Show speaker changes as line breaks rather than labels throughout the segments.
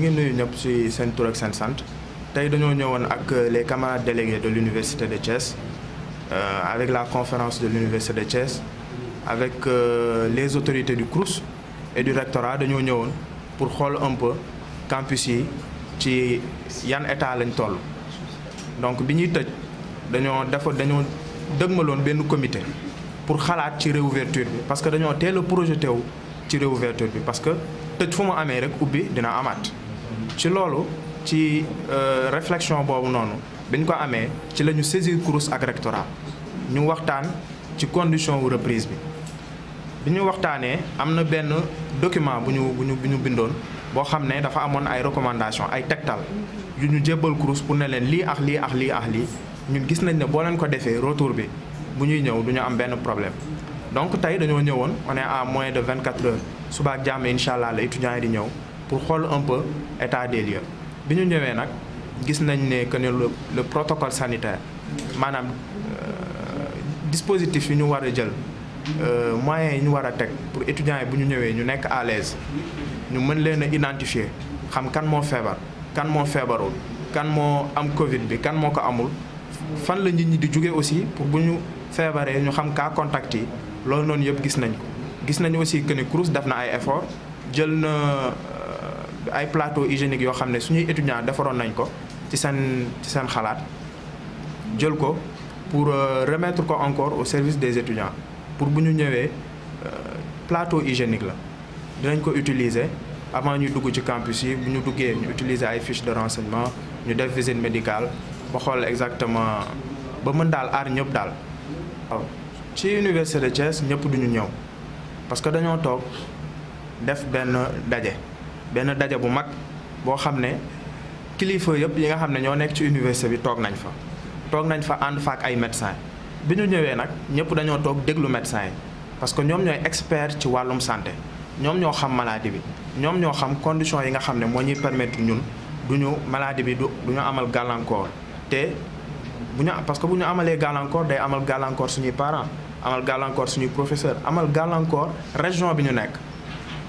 ñu ngi nuyu ñëpp ci seen tur ak seen sant tey dañoo ñëwoon ak les camarades délégués de l'université de Thiès euh, avec la conférence de l'université de Thiès avec euh, les autorités du CROUS et du rectorat dañoo ñëwoon pour xool un peu campus yi ci yan état lañ toll donc bi ñuy tëj dañoo dafa dañoo dëgmaloon benn comité pour xalaat ci réouverture bi parce que dañoo teel projet projeté wu ci réouverture bi parce que tëj fu mu amee rek ubbi dina amaat ci loolu ci euh, réflexion boobu noonu bi ñu ko amee ci la ñu saisir CROUS ak rectorat ñu waxtaan ci condition wu reprise bi bi ñu waxtaanee am na benn document bu ñu ñu bu ñu bindoon boo xam ne dafa amoon ay recommandation ay tegtal yu ñu jébbal CROUS pour ne leen lii ak lii ak lii ak lii gis nañ ne boo leen ko defee retour bi bu ñuy ñëw du ñu am benn problème donc tey dañoo ñëwoon on est à moins de 24 heures suba ak jàmm incha allah la étudiants yi di ñëw. pour xool un peu état des lieux bi ñu ñëwee nag gis nañ ne que ne le protocole sanitaire maanaam euh, dispositif yi ñu war a jël euh, moyens yi ñu war a teg pour étudiants yi bu ñu ñëwee ñu nekk à l'aise ñu mën leen a identifier xam kan moo feebar kan moo feebarul kan moo am Covid bi kan moo ko amul fan la nit ñi di jóge aussi pour bu ñu feebaree ñu xam cas contact yi loolu noonu yëpp gis nañ ko gis nañu aussi que ne CROUS def na ay effort jël na. ay plateau hygiénique yoo xam ne suñuy étudiants defaroon nañ ko ci seen ci seen xalaat jël ko pour euh, remettre ko encore au service des étudiants pour bu ñu ñëwee euh, plateau hygiénique la dinañ ko utiliser avant ñuy dugg ci campus yi bu ñu duggee ñu utiliser ay fiches de renseignement ñu def visite médical ba xool exactement ba mën daal aar ñëpp daal ci université de Thiès ñëpp duñu ñëw parce que dañoo toog def benn daje benn daje bu mag boo xam ne kilifa yëpp yi nga xam ne ñoo nekk ci université bi toog nañ fa toog nañ fa ànd fa ay médecins bi ñu ñëwee nag ñëpp dañoo toog déglu médecins yi parce que ñoom ñooy expert ci wàllum santé ñoom ñoo xam maladie bi ñoom ñoo xam condition yi nga xam ne moo ñuy permettre ñun du ñu maladie bi du du ñu amal gàllankoor te bu ñu parce que bu ñu amalee gàllankoor day amal gàllankoor suñuy parent amal gàllankoor suñuy professeur amal gàllankoor région bi ñu nekk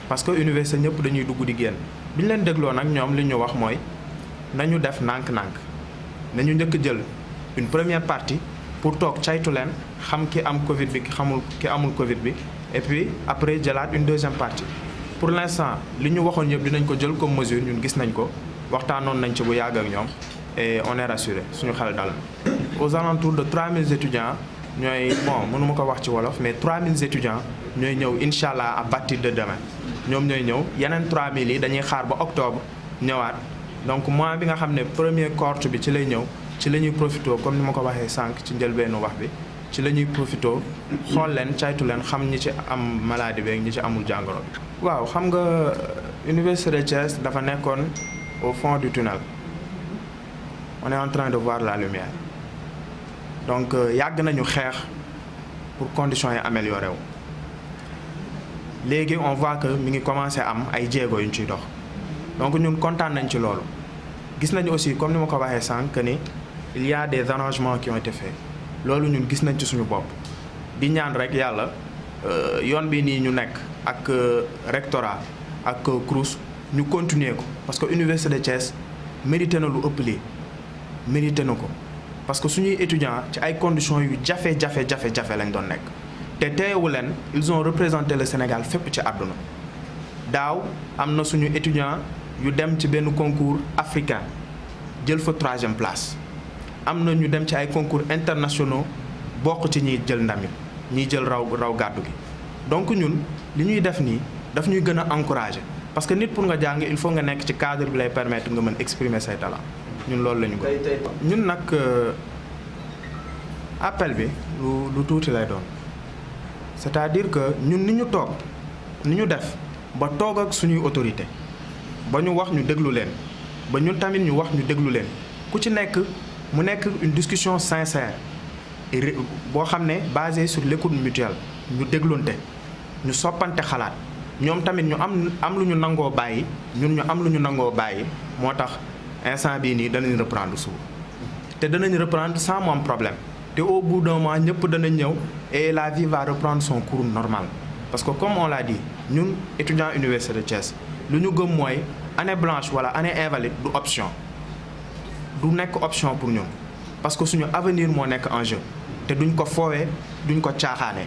parce que université ñëpp dañuy dugg di génn bi ñu leen dégloo nag ñoom li ñu wax mooy na ñu def nànk-nànk nañu njëkk jël une première partie pour toog caytu leen xam ki am Covid bi ki xamul ki amul Covid bi et puis après jëlaat une deuxième partie. pour l'instant li ñu waxoon yëpp dinañ ko jël comme mesure ñun gis nañ ko waxtaanoon nañ ci bu yàgg ak ñoom et on est rassuré suñu xel dal aux alentours de 3000 étudiants ñooy bon mënuma ko wax ci wolof mais 3000 étudiants ñooy ñëw incha allah à de demain. ñoom ñooy ñëw yeneen 3000 yi dañuy xaar ba octobre ñëwaat donc mois bi nga xam ne premier cohorte bi ci lay ñëw ci la ñuy profité comme ni ma ko waxee sànq ci njëlbeenu wax bi ci la ñuy profité xool leen caytu leen xam ñi ci am maladie beeg ñi ci amul jàngoro bi. waaw xam nga euh, Université de Thiès dafa nekkoon au fond du tunnel on est en train de voir la lumière donc euh, yàgg nañu xeex pour conditions yi amélioré wu. léegi on voit que mi ngi commencé am ay jéego yu ñu ciy dox donc ñun kontaan nañ ci loolu gis nañ aussi comme ni ma ko waxee sànq ni il des arrangements qui ont été faits loolu ñun gis nañ ci suñu bopp di ñaan rek yàlla euh, yoon bi nii ñu nekk ak euh, rectorat ak euh, CROUS ñu continuer ko parce que université de Thiès mérité na lu ëpp lii mérité na ko parce que suñuy étudiants ci ay conditions yu jafe-jafe jafe-jafe lañ doon nekk. te teewu leen ils ont représenté le Sénégal fépp ci àdduna daaw am na suñu étudiant yu dem ci benn concours africain jël fa troisième place am na ñu dem ci ay concours internationaux bokk ci ñiy jël ndamit ñiy jël raw raw gàddu gi donc ñun li ñuy def nii daf ñuy gën a encourager parce que nit pour nga jàng il faut nga nekk ci cadre bi lay permettre nga mën exprimer say talent ñun loolu la ñu ko ñun nag euh, appel bi lu lu tuuti lay doon c'est-à-dire que ñun ni ñu toog ni ñu def ba toog ak suñuy autorité ba ñu wax ñu déglu leen ba ñun tamit ñu wax ñu déglu leen ku ci nekk mu nekk une discussion sincère boo xam ne basée sur l'écoute mutuelle ñu dégloonte ñu soppante xalaat ñoom tamit ñu am am lu ñu nangoo bàyyi ñun ñu am lu ñu nangoo bàyyi moo tax instant bii nii danañ reprendre suuf te danañ reprendre sans moom problème te au bout d'un mois ñëpp danañ ñëw et la vie va son cours normal parce que comme on l'a dit ñun étudiant université de lu ñu gëm mooy année blanche wala année invalide du option du nekk option pour ñun parce que suñu avenir moo nekk en jeu te duñ ko foowee duñ ko caaxaane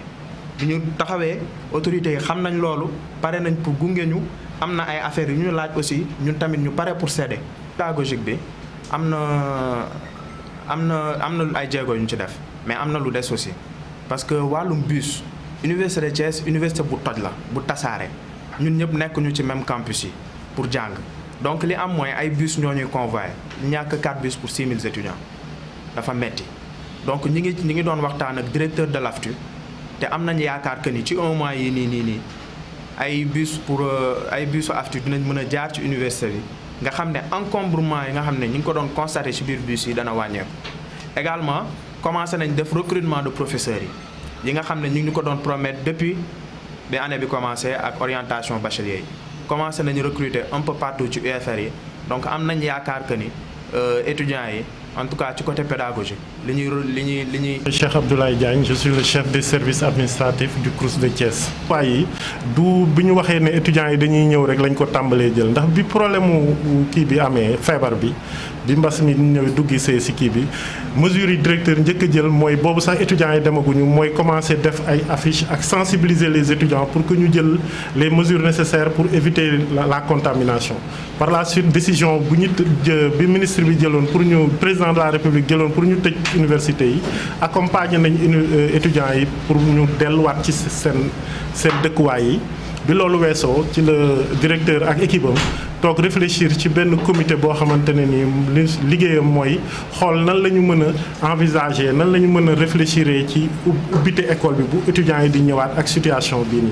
bi ñu taxawee autorités yi xam nañ loolu pare nañ pour gunge ñu am na ay affaires yu ñu laaj aussi ñun tamit ñu pare pour céder pédagogique bi am na am na am na ay jéego yu ci def mais am na lu des aussi parce que wàllum bus université de Thiès université bu toj la bu tasaare ñun ñëpp nekkuñu ci même campus yi pour jàng donc li am mooy ay bus ñoo ñuy convoyé ñàkk 4 bus pour 6 000 étudiants dafa metti donc ñi ngi ñi ngi doon waxtaan ak directeur de l'AFTU te am nañu yaakaar que ni ci un mois yi nii nii nii ay bus pour euh, ay busu AFTU dinañ mën a jaar ci université bi nga xam ne encombrement yi nga xam ne ñu ngi ko doon constaté ci biir bus yi dana wàññeeku. également commencé nañ def recrutement de professeurs yi yi nga xam ne ñu ngi ñu ko doon promettre depuis bi année bi commencé ak orientation bachelier yi commencé nañu recruter un peu partout ci UFR yi donc am nañ yaakaar que ni euh, étudiants yi. en tout cas ci côté pédagogique li ñuy li ñuy li ñuy.
Cheikh Abdoulaye Diagne je suis le chef des service administratifs du CROUS de Thiès. waaye yi bi ñu waxee ne étudiants yi dañuy ñëw rek lañ ko tàmbalee jël ndax bi problème mu kii bi amee feebar bi. bi mbas mi ñëw duggi see si kii bi mesures yi directeur njëkk a jël mooy boobu sax étudiants yi demaguñu mooy commencer def ay affiches ak sensibiliser les étudiants pour que ñu jël les mesures nécessaires pour éviter la, la contamination par la suite décision bu ñu bi ministre bi jëloon pour ñu président de la république jëloon pour ñu tëj université yi accompagner nañ euh, étudiants yi pour ñu delluwaat ci seen seen dëkkuwaay yi bi loolu weesoo ci la directeur ak équipe toog réfléchir ci benn comité boo xamante ne nii li liggéeyam mooy xool nan la ñu mën a envisager nan la ñu mën a réfléchir ci ubbite école bi bu étudiants yi di ñëwaat ak situation bii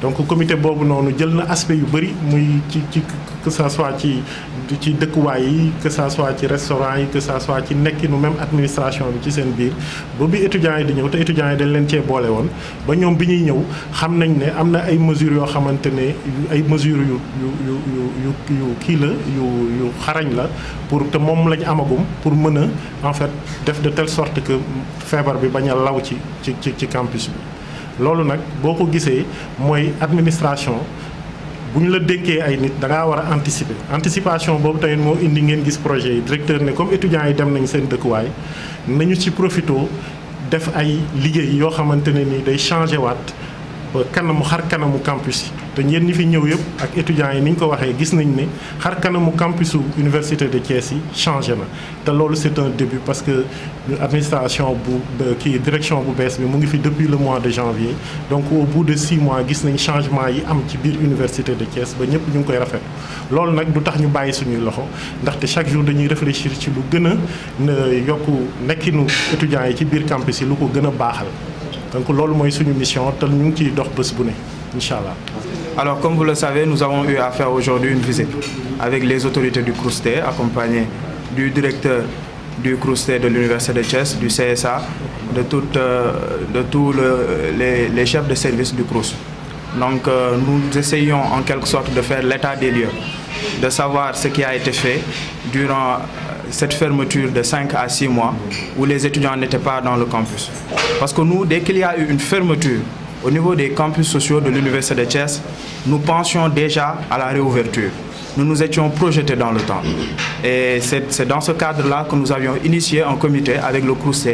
donc comité boobu noonu jël na aspect yu bëri muy ci ci que soit ci ci dëkkuwaay yi que soit ci restaurant yi que ça ci nekkinu même administration bi ci seen biir ba bi étudiants yi di ñëw te étudiants yi dañ leen cee boole woon ba ñoom bi ñuy ñëw xam nañ ne am na ay mesures yoo xamante ne ay mesures yu yu yu yu yu kii la yu yu xarañ la pour te moom lañ amagum pour mën a en fait def de telle sorte que feebar bi bañ a law ci ci ci campus bi loolu nag boo ko gisee mooy administration bu ñu la dénkee ay nit da ngaa war a anticiper anticipation boobu tamit moo indi ngeen gis projet yi directeur ne comme étudiants yi dem nañ seen dëkkuwaay nañu ci profito def ay liggéey yoo xamante ne ni day changé waat kanamu xar kanamu campus yi. te ñeen ñi fi ñëw yëpp ak étudiants yi ni ñu ko waxee gis nañ ne xar kanamu campusu université de Thiès yi changé na te loolu c'est un début parce que administration bu kii direction bu bees bi mu ngi fi depuis le mois de janvier donc au bout de six mois gis nañ changement yi am ci biir université de Thiès ba ñëpp ñu ngi koy rafet loolu nag du tax ñu bàyyi suñuy loxo ndaxte chaque jour dañuy réfléchir ci lu gën a na yokku nekkinu étudiants yi ci biir campus yi lu ko gën a baaxal donc loolu mooy suñu mission te ñu ngi ciy dox bés bu ne
incha allah Alors, comme vous le savez, nous avons eu à faire aujourd'hui une visite avec les autorités du CROUSTE, accompagnées du directeur du CROUSTE de l'Université de Chess, du CSA, euh, de tous euh, le, les, les, chefs de service du CROUSTE. Donc, euh, nous essayons en quelque sorte de faire l'état des lieux, de savoir ce qui a été fait durant euh, cette fermeture de 5 à 6 mois où les étudiants n'étaient pas dans le campus. Parce que nous, dès qu'il y a eu une fermeture, au niveau des campus sociaux de l'Université de Thiès, nous pensions déjà à la réouverture. Nous nous étions projetés dans le temps. Et c'est dans ce cadre-là que nous avions initié un comité avec le CRUSE,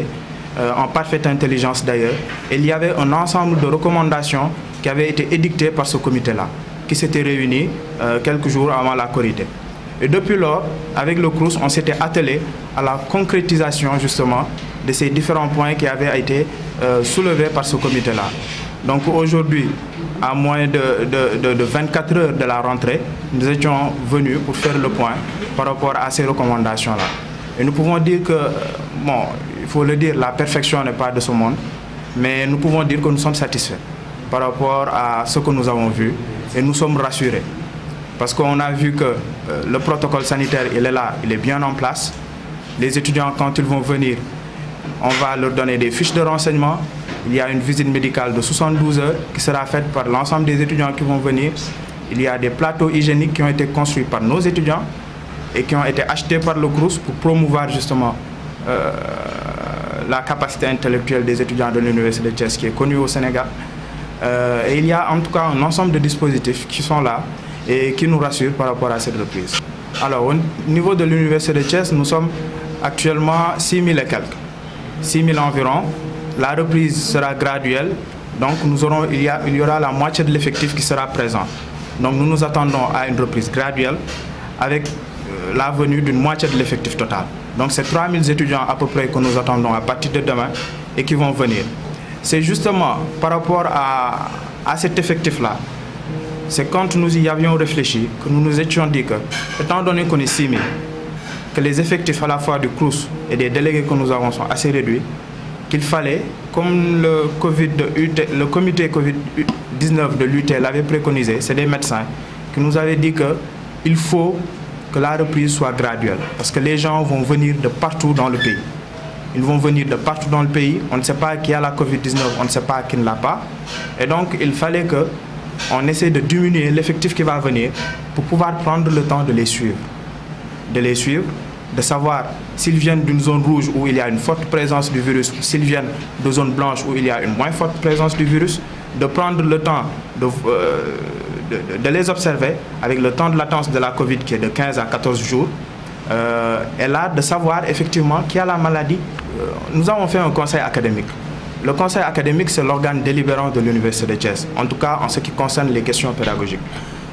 euh, en parfaite intelligence d'ailleurs. Il y avait un ensemble de recommandations qui avaient été édictées par ce comité-là, qui s'était réuni euh, quelques jours avant la Corité. Et depuis lors, avec le CRUS, on s'était attelé à la concrétisation justement de ces différents points qui avaient été euh, soulevés par ce comité-là. Donc aujourd'hui, à moins de, de, de, de, 24 heures de la rentrée, nous étions venus pour faire le point par rapport à ces recommandations-là. Et nous pouvons dire que, bon, il faut le dire, la perfection n'est pas de ce monde, mais nous pouvons dire que nous sommes satisfaits par rapport à ce que nous avons vu et nous sommes rassurés. Parce qu'on a vu que euh, le protocole sanitaire, il est là, il bien en place. Les étudiants, quand ils vont venir, on va leur donner des fiches de renseignement, Il y a une visite médicale de heures qui sera faite par l'ensemble des étudiants qui vont venir. Il y a des plateaux hygiéniques qui ont été construits par nos étudiants et qui ont été achetés par le CROUS pour promouvoir justement euh, la capacité intellectuelle des étudiants de l'Université de Thiès qui est connue au Sénégal. Euh, et il y a en tout cas un ensemble de dispositifs qui sont là et qui nous rassurent par rapport à cette reprise. Alors, au niveau de l'Université de Thiès, nous actuellement 6 000 et quelques, 6 000 La reprise sera graduelle, donc nous aurons, il, y a, la moitié de l'effectif qui sera présent. Donc nous nous attendons à une reprise graduelle avec euh, la venue d'une moitié de l'effectif total. Donc c'est 3000 étudiants à peu près que nous attendons à partir de demain et qui vont venir. C'est justement par rapport à, à cet effectif-là, c'est quand nous y avions réfléchi que nous nous étions dit que, étant donné qu'on que les effectifs à la fois du CRUS et des délégués que qu'il fallait, comme le, COVID de le comité COVID-19 de l'UT l'avait préconisé, c'est des médecins qui nous avaient dit qu'il faut que la reprise soit graduelle, parce que les gens vont venir de partout dans le pays. Ils vont venir de partout dans le pays, on ne sait pas qui a la covid ne l'a pas. Et donc, il fallait que on essaie de diminuer l'effectif qui va venir pour pouvoir prendre le temps de les suivre. De les suivre de savoir s'ils viennent d'une zone rouge où il y a une forte présence du virus, s'ils viennent de zones blanches où il y a une moins forte présence du virus, de prendre le temps de, euh, les observer avec le temps de latence de la COVID qui est de 15 à 14 jours, euh, et là de savoir qui a la maladie. Euh, nous avons fait un conseil académique. Le conseil académique, c'est l'organe délibérant de l'Université de Thiès, en tout cas en ce qui concerne les questions pédagogiques.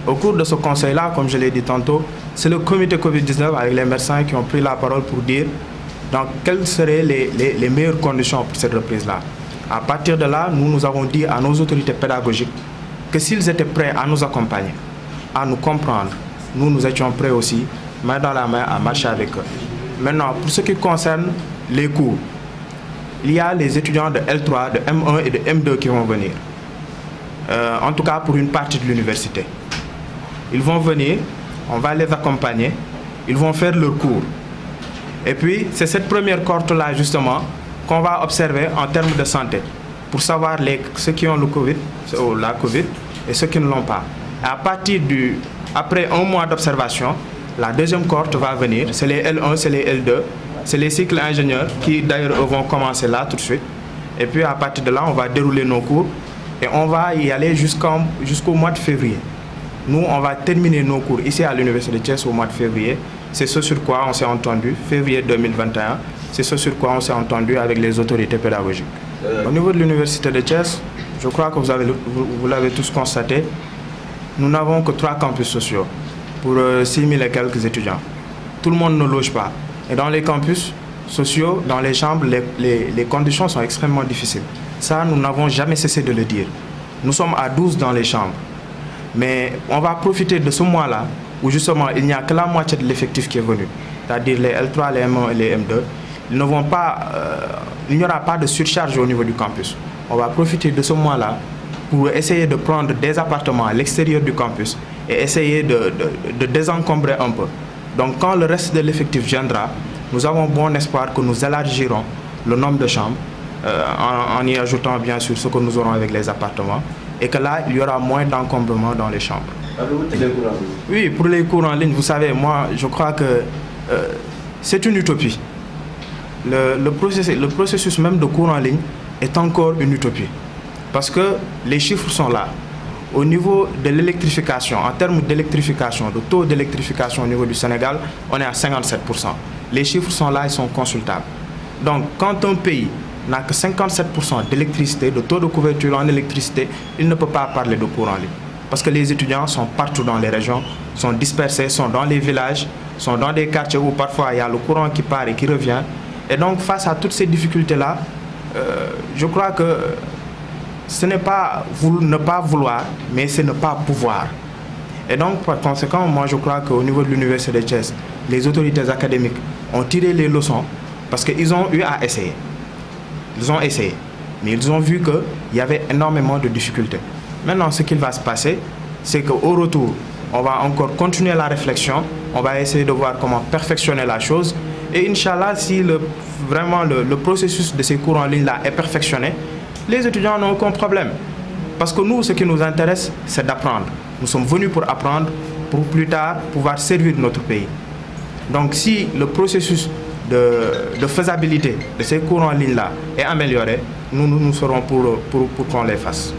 Au cours de ce conseil-là, comme je l'ai dit tantôt, c'est le comité Covid-19 avec les médecins qui ont pris la parole pour dire quelles seraient les, les, les meilleures conditions pour cette reprise À partir de là, nous, nous avons dit à nos autorités pédagogiques que s'ils étaient prêts à nous accompagner, à nous comprendre, nous, nous étions prêts aussi, main dans la main, à marcher avec eux. Maintenant, pour ce qui concerne les cours, il y a les étudiants de L3, de M1 et de M2 qui vont euh, en tout cas, pour une partie de l'université. Ils vont venir, on va les accompagner, ils vont faire leur cours. Et puis, c'est cette première corte là justement, qu'on va observer en termes de santé, pour savoir les, ceux qui ont le COVID, la COVID et ceux qui ne l'ont pas. À partir du, après un mois d'observation, la deuxième cohorte va venir, c'est les L1, c'est les L2, c'est les cycles ingénieurs qui d'ailleurs vont commencer là tout de suite. Et puis à partir de là, on va dérouler nos cours et on va y aller jusqu'au jusqu mois de février. Nous, on va terminer nos cours ici à l'Université de Thiès au mois de février. C'est ce sur quoi on s'est entendu, février 2021. C'est ce sur on s'est entendu avec les autorités pédagogiques. Euh. Au niveau de l'Université de Thiès, je crois que vous, avez, tous constaté, nous n'avons que trois campus sociaux pour 6 euh, mille et quelques étudiants. Tout le monde ne loge pas. Et dans les campus sociaux, dans les chambres, les, les, les conditions sont extrêmement difficiles. Ça, nous n'avons jamais à 12 dans les chambres. Mais on va profiter de ce mois-là où justement il n'y a que la moitié de l'effectif qui est venu, c'est-à-dire les L3, les M1 et les M2. Ils ne vont pas, euh, il n'y aura pas de surcharge au niveau du campus. On va profiter de ce mois-là pour essayer de prendre des appartements à l'extérieur du campus et essayer de, de, de désencombrer un peu. Donc quand le reste de l'effectif viendra, nous avons bon espoir que nous élargirons le nombre de chambres euh, en, en, y ajoutant bien sûr ce que nous et que là, il y aura moins pour les cours en ligne, vous savez, moi, je crois que euh, c'est une utopie. Le, le, le processus même de cours en ligne est encore une utopie. Parce que les chiffres sont Au niveau de l'électrification, en termes d'électrification, le taux d'électrification au niveau du Sénégal, on est à 57%. Les chiffres sont là, ils sont consultables. n'a que 57% d'électricité, de taux de couverture en électricité, il ne peut pas parler de cours en ligne. Parce que les étudiants sont partout dans les régions, sont dispersés, sont dans les villages, sont dans des quartiers où parfois a le courant qui part euh, je crois que pas ne pas vouloir, mais c'est ne pas pouvoir. Et donc, par conséquent, moi je crois qu'au niveau autorités académiques ont tiré les leçons parce qu'ils ont à Ils ont essayé. Mais ils ont vu qu'il y avait énormément de difficultés. Maintenant, ce qu'il va se passer, c'est qu'au retour, on va encore continuer la réflexion. On va essayer de voir comment perfectionner la chose. Et Inch'Allah, si le, vraiment le, le, processus de ces cours en ligne-là est perfectionné, les étudiants n'ont aucun problème. Parce que nous, ce qui nous intéresse, c'est d'apprendre. Nous sommes venus pour apprendre, pour plus tard pouvoir servir notre pays. Donc si le processus de, de faisabilité de ces cours en ligne est améliorée, nous, nous, nous serons pour, pour, pour qu'on les fasse.